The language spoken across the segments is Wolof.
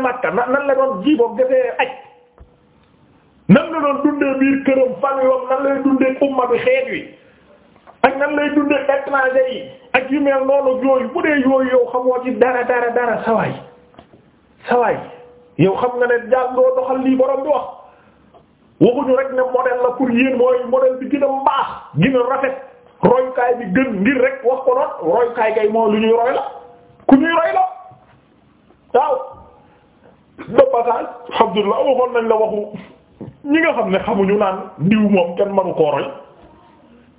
defee Makka nan la doon ji boobu defee aj nan la doon dundee biir këram fan yoon nan lay dundee umma bi xeet wi ak nan lay dundee étranger yi ak yu mel noonu yooyu bu dee yooyu yow xamoo ci dara dara dara sawaay sawaay yow xam nga ne jaar doo doxal lii borom bi wax waxuñu rek ne modèle la pour yéen mooy modèle bi gën a mbaax gën rafet royukaay bi gën ngir rek wax ko noonu royukaay kay moo lu ñuy roy la ku ñuy roy la waaw de passage Abdullah waxoon nañ la waxu ñi nga xam ne xamuñu naan diw moom kenn manu koo roy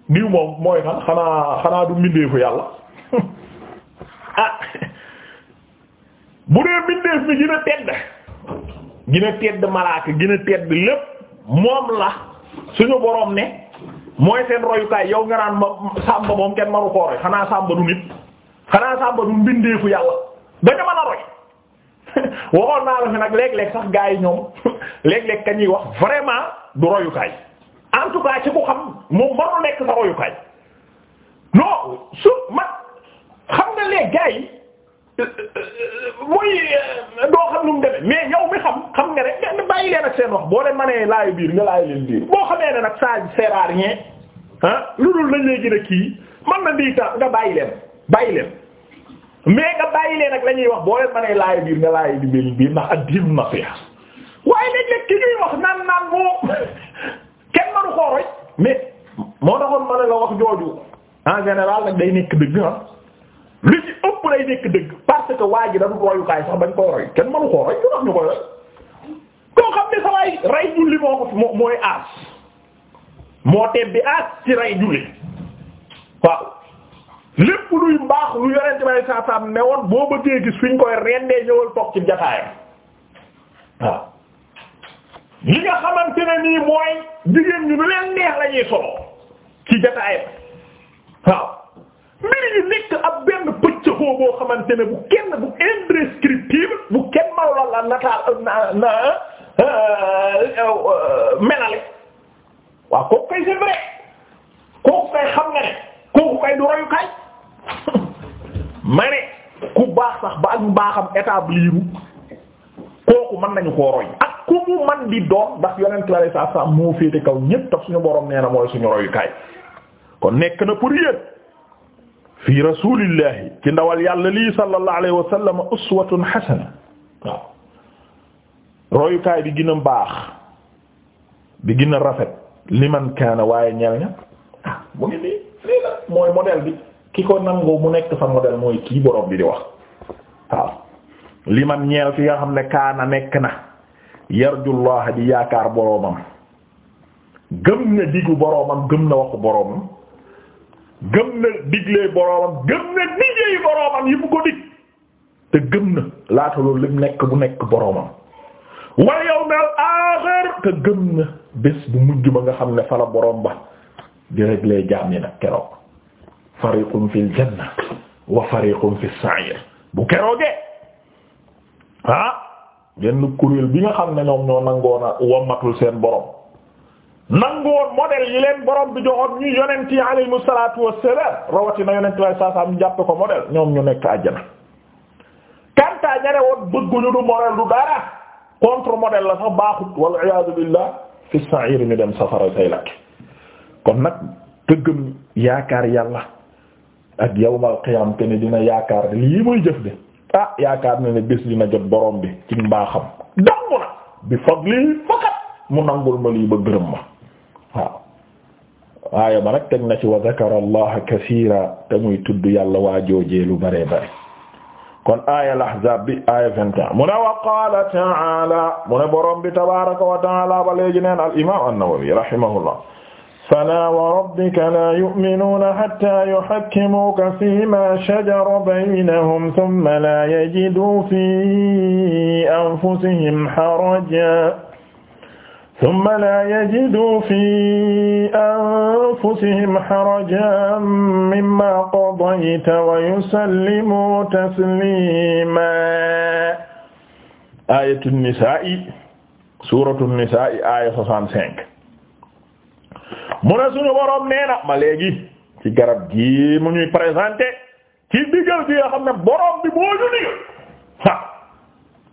ndiw moom mooy xan xanaa xanaa du mbindeefu yàlla ah bu dee mbindeef mi gën a tedd gën a tedd malaaka gën tedd lépp moom la suñu boroom ne mooy seen royukaay yow nga naan ma sàmba moom kenn manu koo roy xanaa sàmba du nit xanaa sàmba du mbindeefu yàlla dañu mën a roy waxoon naa la fi nag léeg-léeg sax gaa yi ñoom léeg-léeg ka wax vraiment du royukaay en tout cas ci ku xam moom mënul nekk sa royukaay non su ma xam nga léegi gaa yi euh, euh, muy euh, doo xam lu mu demee mais yow mi xam xam nga rek nga bàyyi leen ak seen wax boo leen mënee laayu biir nga laay leen biir boo xamee ne nag saa sert à rien ah lu dul lañ lay gën a kii mën na ndi tax nga bàyyi leen bàyyi leen. mais nga bàyyi leen nag lañuy ñuy wax boo leen mënee laaj biir nga laaj biir biir ndax addiinu nasiha waaye léeg-léeg ki ñuy wax naan naan moo kenn manu koo roy mais moo taxoon ma la wax jooju en dëgg ah li ci ëpp lay nekk dëgg parce que waa ji dañu royukaay sax bañ koy roy kenn manu koo roy koo xam ne sawaay rey julli moo ko mooy aas moo bi aas ci rey julli waaw lépp luy mbaax lu yonent bay saa saam ne woon boo bëggee gis fi ñu ñëwal toog ci jataayam waaw li nga xamante ne nii mooy jigéen ñu nu leen neex la solo ci jataayam waaw mbir yi nekk ab benn pëccëxoo boo xamante bu kenn bu indescriptible bu kenn maw la la euh, euh, melale waaw kooku kay c'est vrai kooku kay xam nga ne kooku kay du royukaay ma ne ku baax sax ba ak mbaaxam lii kooku mën nañu koo roy ak ku mu man di doon ndax yonent la lay saa saa moo féete kaw ñépp tax suñu borom nee na mooy suñu royukaay kon nekk na pour yéen fii rasulillahi ci ndawal yàlla lii sallallahu alayhi wa sallam uswatun hasana waaw royukaay bi gina a baax bi gën a rafet liman kaana waaye ñel ña ah, mu ngi nii lii mooy modèle bi ki ko nangoo mu nekk sa modèle mooy kii borom bi di wax waaw li man ñeel ki nga xam ne kaana nekk na yarjullaha di yaakaar boroomam gëm na digu boroomam gëm na waxu boroomam gëm na diglee boroomam gëm na digleey boroomam yi mu ko dig te gëm na laata lim nekk bu nekk boroomam wal yawmal aaxir te gëm na bés bu mujj ba nga xam ne fala boroom ba di régler jaam yi nag keroog fariqun fil janna wa fariqun fis sa'ir bu keroogee ah genn kuréel bi nga xam ne ñoom ñoo nangoona wammatul seen borom nangoon modèle yi leen borom bi joxoon ñu yonent yi alayhimu salaatu wassalaam rawatina yonent waaye saa saa mu ko modèle ñoom ñu nekk àjjana kantaa ñene woon bëgguñu du modèle du dara contre modèle la sax baaxut wal iyaadu billah fi sa'iir ñu dem safara say lakk kon nag tëggam yaakaar yàlla ak yawmal qiyam te ne dina yaakaar lii muy jëf ah yaakaar na ne bés dina jot borom bi ci mbaaxam dangu bi fadli fakat mu nangul ma lii ba gërëm ma waaw waaye ba na ci wa zakara allaha kasiira te muy tudd yàlla waa joojee lu bare bare kon aaya al bi aaya vingt et mu ne wa qaala ta'ala mu ne borom bi tabaaraka wa ta'ala ba léegi neen al imam an-Nawawi rahimahullah falaa wa rabbika laa yu'minuuna hattaa yuhakkimuuka fiimaa shajara baynahum thumma laa yajiduu fii anfusihim harajan thumma laa yajiduu fii anfusihim harajan mimmaa qadayta wa yusallimuu tasliimaa. aayatu nisaa'i suuratu nisaa'i aaya 65 mu ne suñu borom nee na ma léegi ci garab gi mu ñuy présenté ci digal gi nga xam ne borom bi moo ñu digal ah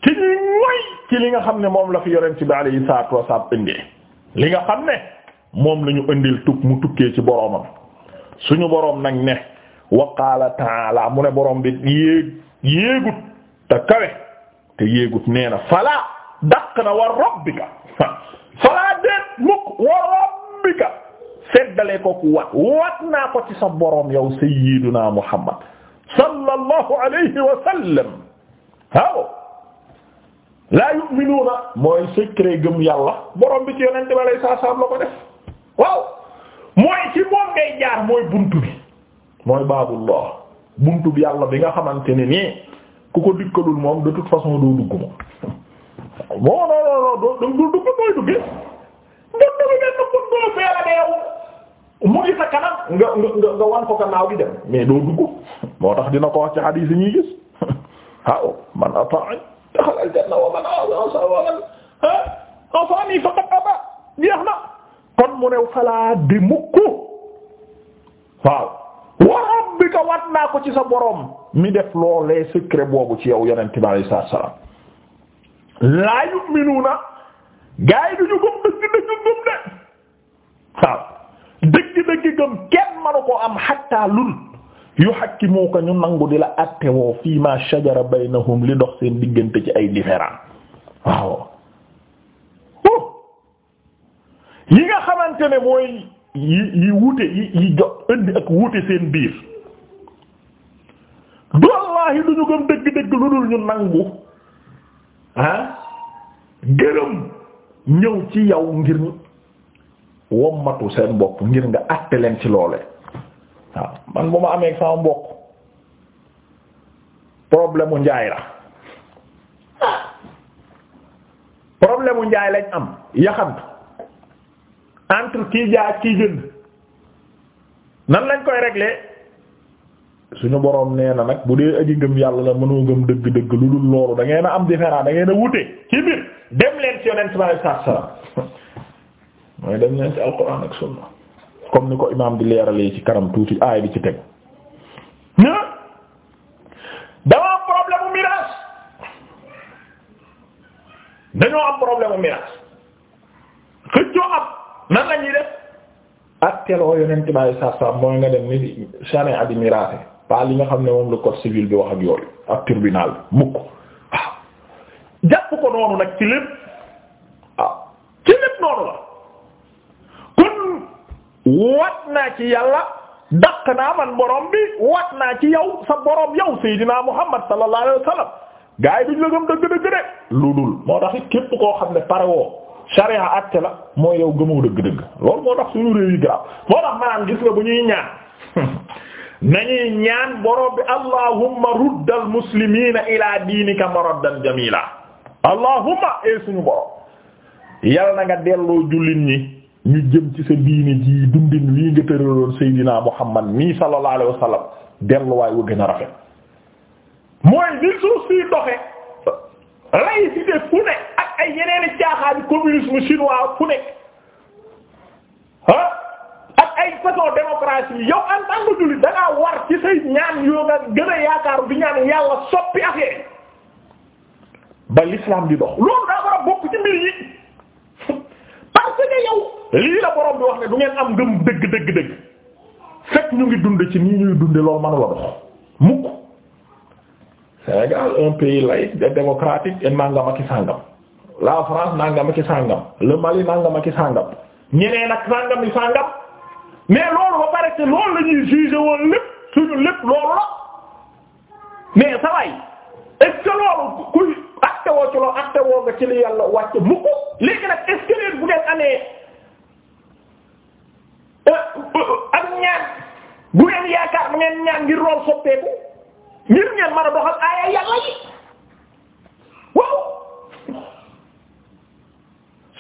ci ñuy moy ci li nga xam ne moom la fi yonent bi alayhi salaatu wa salaam indee li nga xam ne moom la indil tukk mu tukkee ci boromam suñu boroom nag ne wa qaala ta'aala mu ne boroom bi yéeg yéegut te kawe te yéegut nee na falaa daq na wa rabbika falaa déet mukk wa rabbika seddalee ko ku wat wat naa ko ci sa borom yow sayyiduna muhammad sallallahu alayhi wa sallam waaw laa yu'minuuna mooy secret gëm yàlla borom bi ci yonente bi alayhi salaam la ko def waaw mooy ci moom ngay jaar mooy buntu bi mooy baabullah buntu bi yàlla bi nga xamante ne nii ku ko dikkalul moom de toute façon doo dugg moom bon non non non doo doo dugg mooy duggee. buntu bi benn buntu bu yàlla de mooy sa kanam nga nga nga wan ko gannaaw di dem mais doo dugg moo tax dina ko wax ci xadiis yi ñuy gis waaw man ata'i daxala al-janna wa man asa wa man na kon mu new falaa di mukk waaw wa rabbika wat naa ko ci sa boroom mi def loolee secret boobu ci yow yonent bi alayhi salaatu wa salaam laa yu'minuuna gaay duñu gëm dëgg dëgg gëm de waaw dëgg-dëggam kenn manu koo am xatta lul yuhakkimuka ñu nangu di la attewoo fii ma shajara baynahum li dox seen diggante ci ay différend waaw oh. yi nga xamante ne mooy yi yi wute yi yi jo indi ak wute seen biir du wallahi du ñu gëm dëgg-dëgg lu dul ñu nangu ah gërëm ñëw ci yow ngir matu seen bopp ngir nga àtte leen ci loole waaw man bu ma amee sama mbokk problème mu njaay la problème njaay lañ am yaxant entre kii jaay ak kii jënd nan lañ koy régler suñu boroom nee na nag bu dee aji ngëm yàlla la mënoo ngëm dëgg-dëgg lu dul loolu da ngeen am différent da ngeen a wute ci biir dem leen ci yonent bi sallallahu alayhi wasallam mooy dem leen ci alquran ak sunna comme ni ko imaam di leeralee ci kanam tuuti aay bi ci teg dañoo am problème mu miraas dañoo am problème mu miraas xëccoo am nan la ñuy def ak teloo yonent baay saaf saaf mooy nga dem ni charia di miraase li nga xam ne moom la code civil bi wax ak yooyu ak tribunal mukk ah. jàpp ko noonu nag ci lépp. wat naa ci yàlla daq naa man borom bi wat naa ci yow sa boroom yow seydinaa muhammad sallallahu alayhi wa sallam gaa yi duñ la gëm dëgg dëgg lu dul moo tax it képp koo xam ne parewoo sharia àtte la mooy yow gëmoo dëgg dëgg loolu moo tax suñu réew yi garab moo tax maanaam gis nga bu ñuy ñaan nañuy ñaan borom bi allahumma rudd al muslimiina ilaa diinika maraddan jamila ee eh, suñu borom yal na nga delloo jullit ñi ñu jëm ci sa diine ji dundin lii nga tëraloon Seydina Muhammad mii sallallahu alayhi delluwaay wu gën a rafet mooy di suuf si doxe laïcité fu ne ak ay yeneeni caaxaani communisme chinois fu nekk ah, ak ay façon démocratie yow en tant que war ci say ñaan yoo nga gën a yaakaaru di ñaan yàlla soppi affaire ba l'islam di dox loolu daa war a bokk ci mbir yi parce que yow lii la borom bi wax ne du ngeen am ngëm dëgg dëgg dëgg fekk ñu ngi dund ci nii ñuy dunde loolu manu la dox mukk Sénégal un pays laïque et démocratique et nangam ak sàngam la France nangam ak sàngam le Mali nangam ak sàngam ñeneen ak sàngam yi loolu ba pare te loolu la ñuy woon lépp suñu lépp loolu la mais sa waay est loolu kuy acte woo ci loolu acte woo nga ci li yàlla wàcce mukk léegi nag est bu ngeen amee ak ñaan bu ngeen yaakaar bu ngeen ñaan ngir lool soppeeku ngir ngeen mën a doxal aaya yàlla yi waaw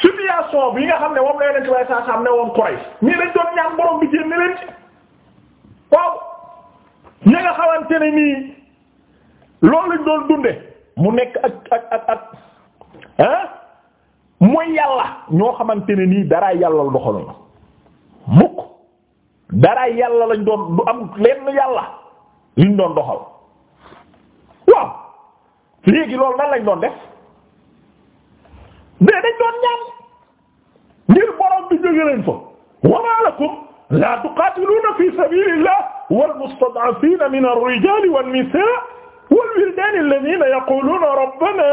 situation bi nga xam ne moom la yeneen ci waaye saa saa ne woon Quraysh ñii dañ doon ñaan borom bi jénne leen ci waaw ña nga xamante ne nii loolu lañ doon dunde mu nekk ak ak ak ak ah mooy yàlla ñoo xamante ne nii dara yàlla doxalu na mukk dara yàlla lañ doon du am lenn yàlla liñ doon doxal waaw léegi loolu nan lañ doon def mais dañ doon ñaan ngir borom bi jóge leen fa wa ma lakum la tuqatiluna fi sabilillah wal mustad'afina min ar-rijali wan nisaa wal wildan alladhina yaquluna rabbana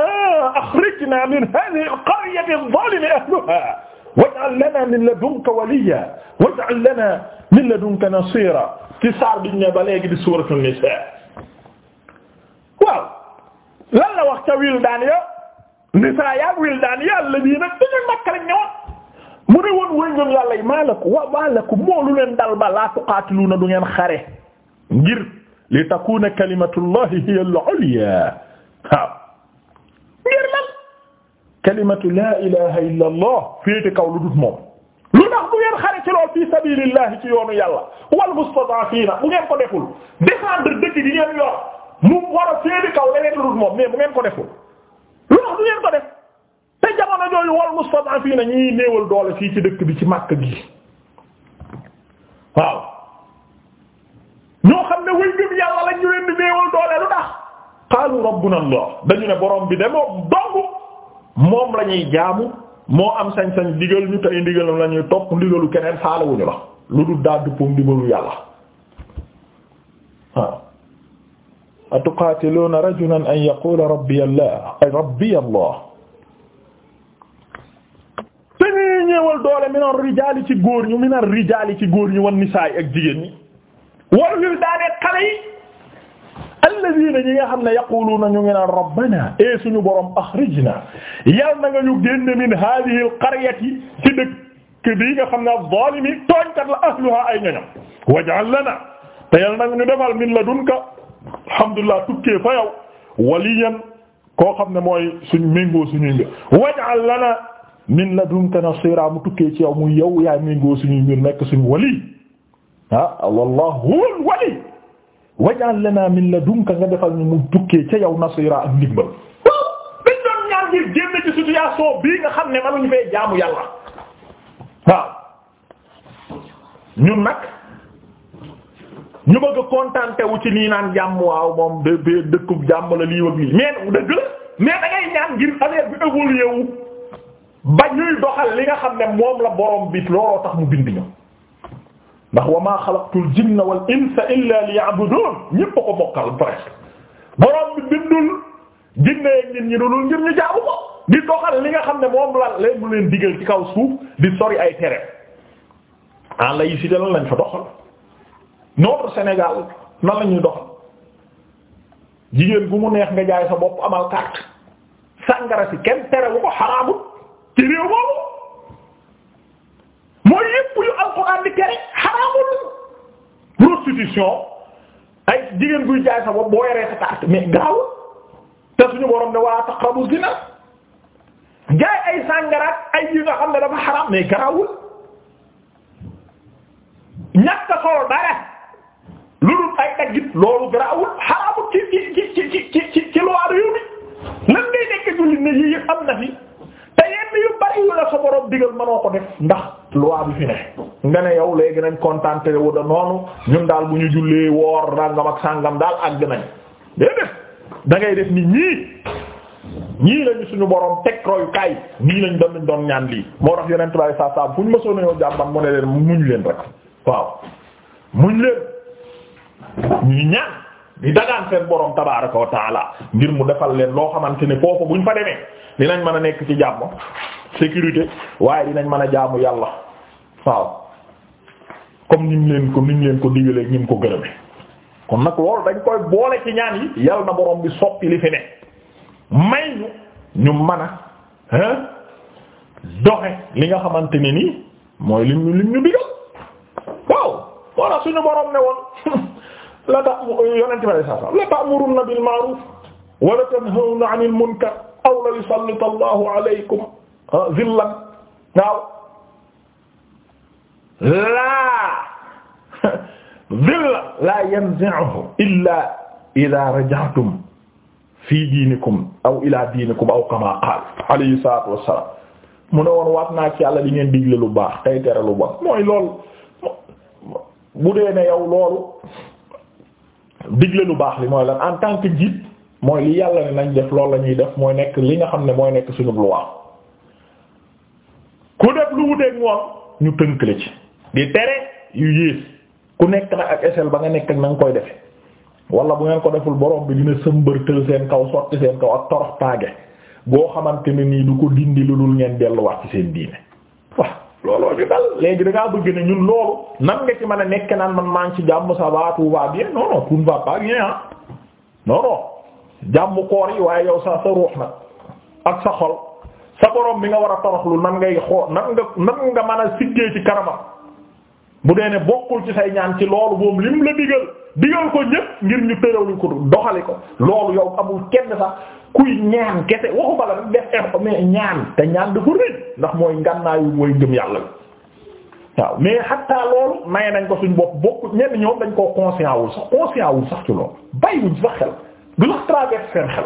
akhrijna min hadhihi al-qaryati adh-dhalimi ahluha waj'al lana min ladunka waliya waj'al lana min ladunka nasira ci saar biñ ne ba léegi di suuratul nisaa waaw lan la wax ca wildaan ya nisaa ya wildaan ya alladina dañu makka lañ ñëwoon mu ne woon wëy ngëm yàlla yi maa lakum wa maa lakum moolu leen dal ba laa tuqaatiluuna du ngeen xare ngir li takuna kalimatullahi hiya al-ulya waaw kalimatu laa ilaha illa allah féete kaw lu dut moom lu tax bu ngeen xare ci lool fi sabilillahi ci yoonu ngeen ko deful défendre dëkk di ngeen yor mu war a féete kaw leneen lu dut moom mais bu ngeen ko deful lu tax du ngeen ko def te jamono jooju wal mustadafina ñi néewal doole fii ci dëkk bi ci màkk gi waaw ñoo xam ne wëy doole lu tax qaalu rabbuna allah dañu ne borom bi de moom lañuy ñuy jaamu moo am sañ-sañ digal ñu tey ndigalam la ñuy topp ndigalu keneen faalewuñu la lu dul daa dëppook ndigalu yàlla waaw atuqaatiluuna rajulan an yaqula rabbi allah rabbi allah te ñuy ñëwal doole min ar-rijaali ci góor ñu min ar-rijaali ci góor ñu wan nisaay ak jigéen ñi warul daanee xale yi alladina ñi nga xam ne yaquluuna ñu ngi naan rabbana e suñu borom axrijna yal na nga ñu génn min hadihi al qaryati ci dëkk bii nga xam ne az-zalimi tooñkat la ahluha ay ñoñam waj'al lana te yal na nga ñu defal min ladunka alhamdulillah tukkee fa yow waliyan koo xam ne mooy suñu méngoo suñuy mbir waj'al lana min ladunka nasira mu tukkee ci yow muy yow yaay méngoo suñuy mbir nekk suñu wali ah wallahu huwal wali waj'al lana min ladunka nga defal ñu mu tukkee ca yow nasira ak ndimbal waaw doon ñaan ngir génn ci situation bii nga xam ne mënuñu fee jaamu yàlla waaw ñun nag ñu bëgg contenté wu ci nii naan jàmm waaw moom de de dëkkub la lii wag lii mais dëgg la mais da ngay ñaan ngir affaire bi évolué wu ba ñuy doxal li nga xam ne moom la borom bi looloo tax mu bind ñu ndax wa maa xalaqtul jinna wal insa illa liya'budun ñépp a ko bokkal presque borom bi bindul jinne ak nit ñi dulul ngir ñu ko di doxal li nga xam ne moom la leen mu leen digal ci kaw suuf di sori ay tere en laïcité lan lañ fa doxal notre Sénégal nan la doxal jigéen gu mu neex nga jaay sa bopp amal carte sàngara si kenn tere wu ko xaraamut ci réew moomu mooy yépp yu alxuraan di tere xaraamul prostitution ay jigéen buy jaay sa bopp boo yoree sa carte mais te suñu borom ne waa taqrabu zina jaay ay sàngaraat ay yi nga xam ne dafa xaraam mais garawul ñàkk solo dara lu dul ay daggit loolu garawul xaraamul ci ci ci ci ci ci ci loo réew mi lan ngay nekk jullit ne yii yëpp am na fi te yenn yu bari yu la sa borom digal mënoo ko def ndax. loi bi fi ne nga ne yow léegi nañ contenté wu da noonu ñun daal bu ñu jullee woor ràngam ak sàngam daal àgg nañ déedéet da ngay def ni ñii lañu suñu borom teg royukaay ñii lañ doon doon ñaan lii moo tax yeneen tubaab yi saa saa fu ñu mësoon a yow jàmban mu ne leen muñ leen rek waaw muñ leen ñuy ñaan di dagaan seen borom tabaaraka wa ngir mu defal leen loo xamante ne foofu buñ fa demee dinañ mën a nekk ci jàmm sécurité waaye dinañ mën a jaamu yàlla waaw comme ni mu leen ko ni leen ko digalee ni mu ko gërëme kon nag loolu dañ koy boole ci ñaan yi yal na boroom bi soppi li fi ne may ñu ñu mën a hein doxe li nga xamante ni nii mooy li ñu lim ñu digal waaw walla suñu borom ne woon la ta yonente bi saa la ta'muruna bil ma'ruf wa la tanhawna 'anil munkar aw la yusallitu Allahu alaykum ah, zillan waaw laa dhilla laa yanzi'uhu illaa idhaa raja'tum fii diinikum aw ilaa diinikum aw kamaa qaala alayhi salaatu wassalaam mu ne woon waat naa ci yàlla di ngeen digle lu baax tey tere lu bon mooy lool bu dee ne yow loolu digle lu baax li mooy la en tant que jiit mooy li yàlla ne nañ def loolu la ñuy def mooy nekk li nga xam ne mooy nekk suñu lu wax ku def lu wuteek moom ñu tënk la ci di tere yu yées ku nekk nag ak échelle ba nga nekk ak na koy defe wala bu ngeen ko deful borom bi dina sëmbërtël seen kaw sotti seen kaw ak torox taage boo xamante ni nii du ko dindi lu dul ngeen delluwaat ci seen diine waaw looloo ñu dal léegi da ngaa bëgg ne ñun loolu nan nga ci mën a nekk naan man maa ngi ci jàmm ça va waa va bien non non tout ne va pas jàmm koor yi waaye yow sa sa ruux nag ak sa xol sa borom bi nga war a toroxlu nan ngay xoo nan mën a bu dee ne bokkul ci say ñaan ci loolu moom lim la digal digal ko ñépp ngir ñu tërawuñ ko doxali ko loolu yow amul kenn sax kuy ñaan kese waxu bala rek def effort mais ñaan te ñaan dafa rëy ndax mooy ngannaayu mooy gëm yàlla bi waaw mais xatta loolu maye nañ ko suñ bopp bokku ñenn ñoom dañ koo conscient wul sax conscient wul sax ci loolu bàyyiwuñ sax xel du sax traverse seen xel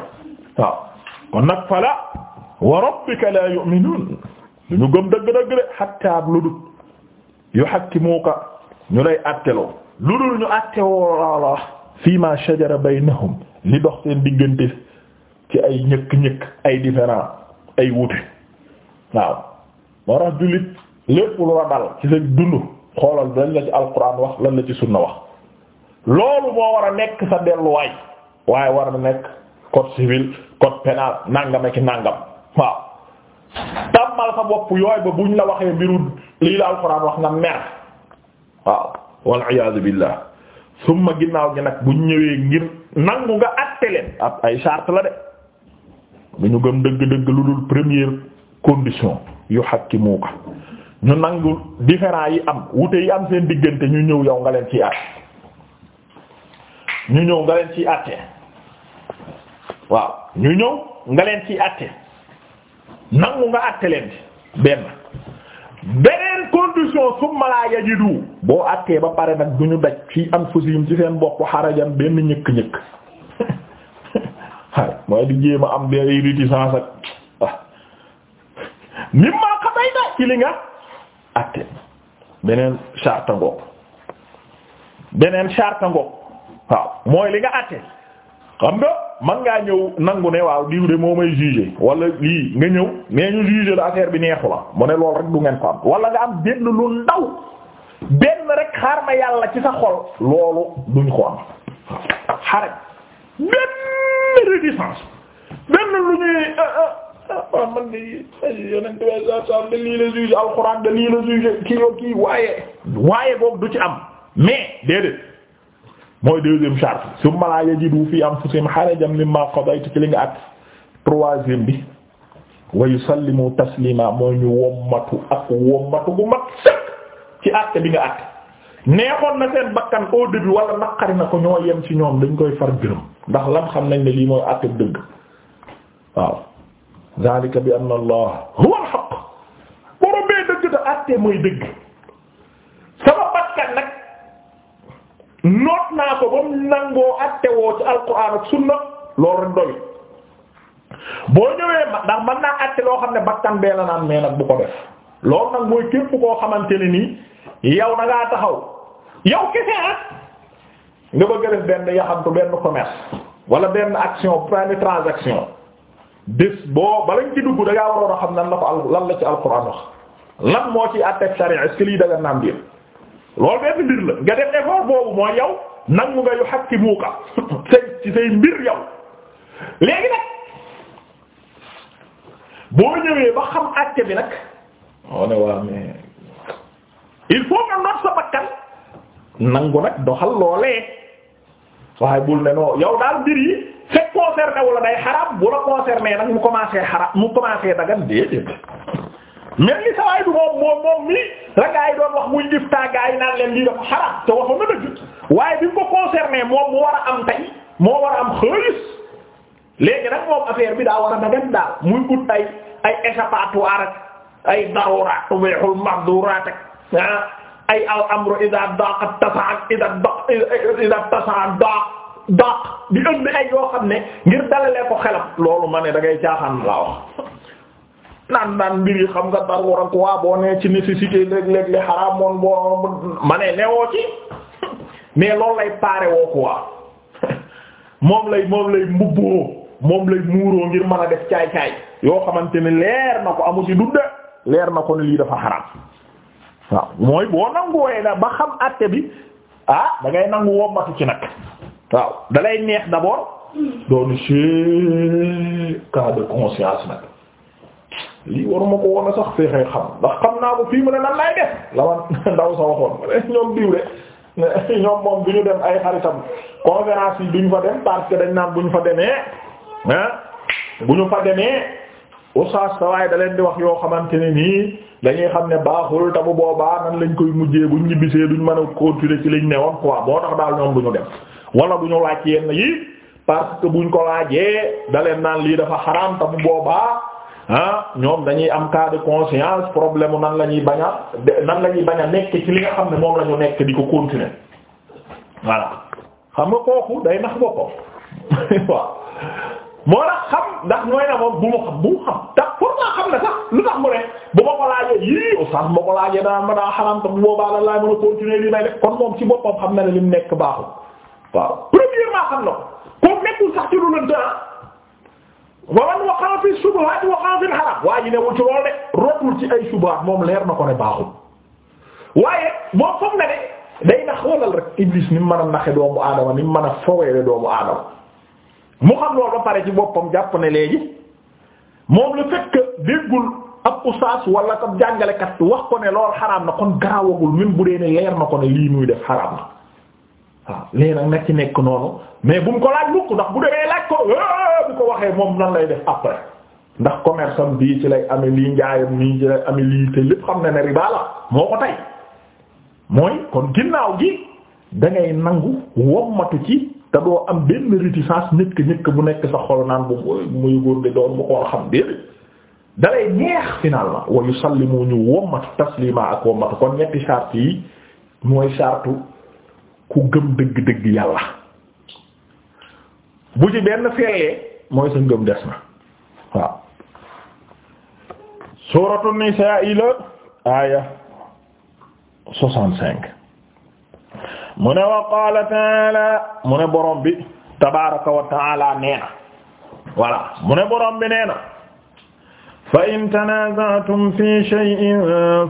waaw kon nag fala wa rabbika la yu'minun duñu gëm dëgg-dëgg de xatta lu dut yuhakkimuka ñu lay atteloo lu dul ñu attewoo la fii ma shajara baynahum li dox seen diggante ci ay ñëkk-ñëkk ay différent ay wuute waaw moo tax jullit lépp lu la dal ci sa dund xoolal lan la ci alquran wax lan la ci sunna wax loolu moo war a nekk sa delluwaay waaye war a nekk code civil code pénal nangam ak nangam waaw tàmmal sa bopp yooy ba buñ la waxee mbiru lii la alxuraan wax nga mer waaw wal iyaadu billah summa ginnaaw gi nag buñ ñëwee ngir nangu nga àtte leen ab ay charte la de bu ñu gëm dëgg-dëgg lu dul première condition yu hakkimu ko ñu nangu différent yi am wute yi am seen diggante ñu ñëw yow nga leen ciy àtte ñu ñëw nga leen ciy àtte waaw ñu ñëw nga leen ciy àtte nangu nga àtte leen ci benn beneen condition summa laa boo àttee ba pare nag du ñu daj fii am fusim ci seen bopp xarajan benn ñëkk-ñëkk waaye mooy di jéem am ay réticence ak ah mimma qadayta ci li nga àtte beneen charte ngoog beneen charte ngoog waaw mooy li nga àtte xam nga man ngaa ñëw nangu ne waaw diw de moo may jugé wala lii nga ñëw mais ñu jugé la affaire bi neexu la mu ne loolu rek du ngeen ko am wala nga am benn lu ndaw benn rek xaar ma yàlla ci sa xol loolu duñ ko am xare benn réticence benn lu ñuy ah, ah, ah, alxuraan de lii la jugé kii waaye waaye boobu du ci am mais déedéet mooy deuxième charte summa laa yajidu fi anfusihim harajan mimma qadayta ci li nga at troisième bi wa yusallimu taslima mooy ñu wommatu ak wommatu bu mat sëkk ci àtte bi nga àtte neexoon na seen bakkan au début wala naqari na ko ñoo yem ci ñoom dañ koy far gërëm ndax lan xam nañ ne lii mooy àtte dëgg waaw zalika bi anna allah huwa al borom bee dëgg te àtte mooy dëgg sama bakkan nag noot naa ko ba mu nangoo attewoo ci alquran ak sunna loolu rek doy boo ñëwee ndax man naa atte loo xam ne bakkan bee la naan mais nag bu ko def loolu nag mooy képp koo xamante ne nii yow na ngaa taxaw yow kese ak ah, nga bëgg a def benn yaxantu benn commerce wala benn action benn transaction bés boo balañ ci dugg da ngaa waroon a xam nan na ko lan la ci alquran wax lan moo ci atte charia est-ce lii daga naam biir loolu benn mbir la nga def effort boobu mooy yow nangu nga yu xakki muuka say ci say mbir yow léegi nag boo ñëwee ba xam àtte bi nag oo ne waa mais il faut nga not sa bakkan nangu nag doxal loolee waaye bul ne noo yow daal mbir yi fekk concerné wala day xaraam bu la concerné nag mu commencé xaraam mu commencé dagan déedéet mel ni sawaay bi moom moom moom mi la gaa wax muy ifta naan leen lii dafa xaraam te waxoon na dëgg mu ko concerné moom mu am tey moo war a am xaalis léegi nag moom affaire bi daa war a dagan daal muy ut ay ay échappatoire ak ay daruraat tubihul mahdurat ak ah ay al amru ida daqat tasaak ida di ënd ay yoo xam ne ngir dalalee ko xelam loolu ma ne da ngay jaaxaan laa naan naan mbir xam nga dar war waa boo nee ci nécessité léeg-léeg li xaraam moon boo ma ne ci mais loolu lay paare woo quoi moom lay moom lay mbubboo moom lay muuroo ngir mën a def caay-caay yoo xamante ne leer na ko amu ci dund leer na ko ne lii dafa xaraam waaw mooy boo nanguwee na ba xam àtte bi ah da ngay nangu wommatu ci nag waaw dalay neex d'abord hmm. doon ci cas de conscience nag lii waruma ko woon sax feexee xam ndax xam naa ko fii mu ne nan laay def la man ndaw sa waxoon ñoom diw de ñoom moom bu ñu dem ay xaritam conférence yi duñ fa dem parce que dañ naan bu ñu fa demee ah bu ñu fa demee oustaz sa waaye da leen di wax yoo xamante ne nii dañuy xam ne baaxul te bu boobaa nan lañ koy mujjee buñ ñibbisee duñ mën a continuer ci liñ newoon quoi boo tax daal ñoom bu ñu dem wala bu ñu laaj yenn yi parce que buñ ko laajee da leen naan lii dafa xaraam te bu ah ñoom dañuy am cas de conscience problème nan la ñuy bañ a nan la ñuy bañ nekk ci li nga xam ne moom la ñu nekk di ko continuer voilà xam nga kooku day nax boppam waaw moo tax xam ndax ñooy na moom bu ma xam bu xam xam na ko laajee yii sax ko laajee daa ma daa xaram te bu boobaa la laay li may def kon moom ci boppam xam na ne li mu nekk baaxul waaw premièrement xam na ko nekkul sax ci lu ah. wa man waqa'a fi fi al-haraam waa ji newul ci loolu de rotul ci ay shubuhaat moom leer na ko ne baaxul waaye moom foog na ne day na xoolal rek Iblis ni mu a naxe doomu aadama ni mu mën a foweere doomu aadama mu xam loolu ba pare ci boppam jàpp ne léegi moom le fait déggul ab ustaas wala ab jàngalekat wax ko ne loolu xaraam na kon garaawagul même bu dee ne leer na ko ne lii muy def xaraam na waaw léegi nag na ci nekk noonu mais bu mu ko laaj mukk ndax bu demee laaj ko eh, eh, bu ko waxee moom nan lay def après ndax commerce am bii ci lay ame lii njaayam nii ci lay ame lii te lépp xam na ne riba moo ko tey mooy kon ginnaaw gi da ngay nangu wommatu ci te doo am benn réticence ñëkk ñëkk bu nekk sa xol naan bu muy góor di doon bu ko xam déedéet dalay neex finalement wa yusallimu ñu wommatu taslima ak wommatu kon ñetti charte yi mooy charte ku gëm dëgg-dëgg yàlla bu ci benn feeyee mooy sa ngëm des na waaw ila aaya soixante-cinq mu ne wa qaala taala mu ne borom bi tabaaraka wa taala nee na mu ne borom bi fa in tanaazatum fi shay'in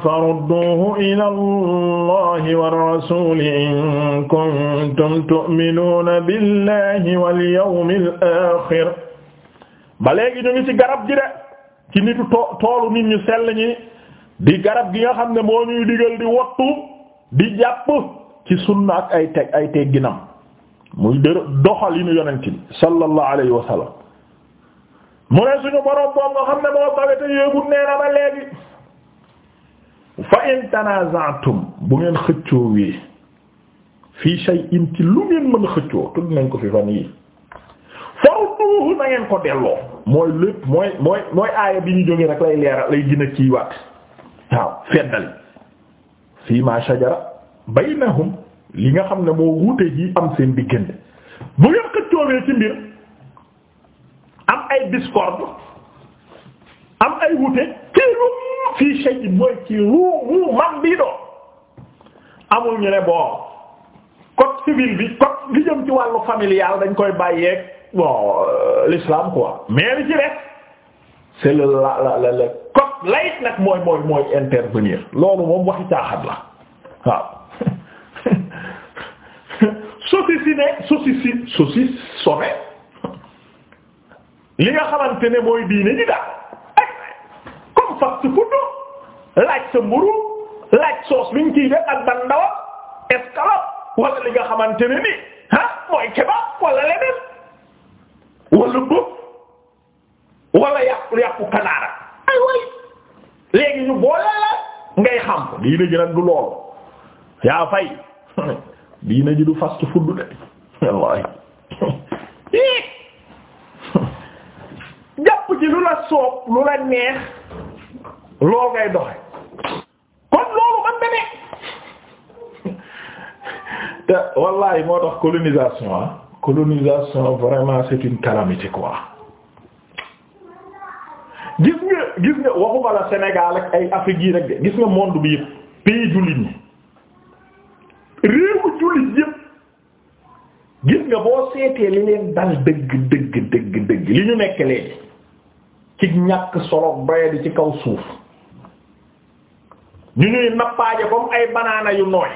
farudduuhu ila allahi wa rasuuli in kuntum tu'minuuna billahi wal yawmil aaxir ba léegi ñu ngi ci garab gi de ci nitu too toolu nit ñu sell ñi di garab gi nga xam ne moo ñuy digal di wattu di jàpp ci sunna ak ay teg ay tegginam muy dër doxal yi nu yonent bi sallallahu alayhi wa sallam mu ne suñu borom boobu nga xam ne moo tawe te yéegul nee na ba léegi fa in bu ngeen xëccoo wii fii shay'in ci lu ngeen mën a xëccoo tudd nañ ko fi fan yii farudduhu na ngeen ko delloo mooy lépp mooy mooy aaya bi ñu jógee rek lay leeral lay gën a kii waat waaw feddali fii ma shajara baynahum li nga xam ne moo wuute yi am seen diggante bu ngeen xëccoowee ci mbir am ay discorde am ay wute ci lu fii shay'in mooy ci lu man bii doon amul ñu ne bon code civil bi code li jëm ci wàllu familial dañ koy bàyyeeg bo l'islam ko mais li ci rek c'est le la la le code laïque nag mooy mooy mooy intervenir loolu moom waxi caaxat la waaw saucissonné saucissi saucissonné li nga xamante ne mooy diine ji daal comme fast food laaj sa mburu laaj soos bi ñu ciy def ak ban ndawa escalope li nga xamante ne ni ah mooy kebab wala leneen wala bëf wala yàqu yàqu kanaara léegi ñu boole la ngay xam diine ji nag du loolu yaa fay diine ji du fast food de wallahi soob lu la neex loo ngay doxe kon loolu man deme te wallahi moo tax colonisation ah, colonisation vraiment c'est une calamité gis nga gis nga waxuma la Sénégal ak ay Afrique yi rek de gis nga monde bi yëpp pays jullit ñi réewu jullit yëpp gis nga boo seetee li leen dal dëgg dëgg dëgg dëgg li ñu nekk léegi ci ñàkk solo doyadi ci kaw suuf ñu ñuy nappaaje comme ay banaana yu nooy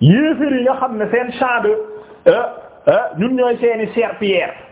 yéeféer yi nga xam ne seen champ de euh, euh, ñun ñooy seeni serpillère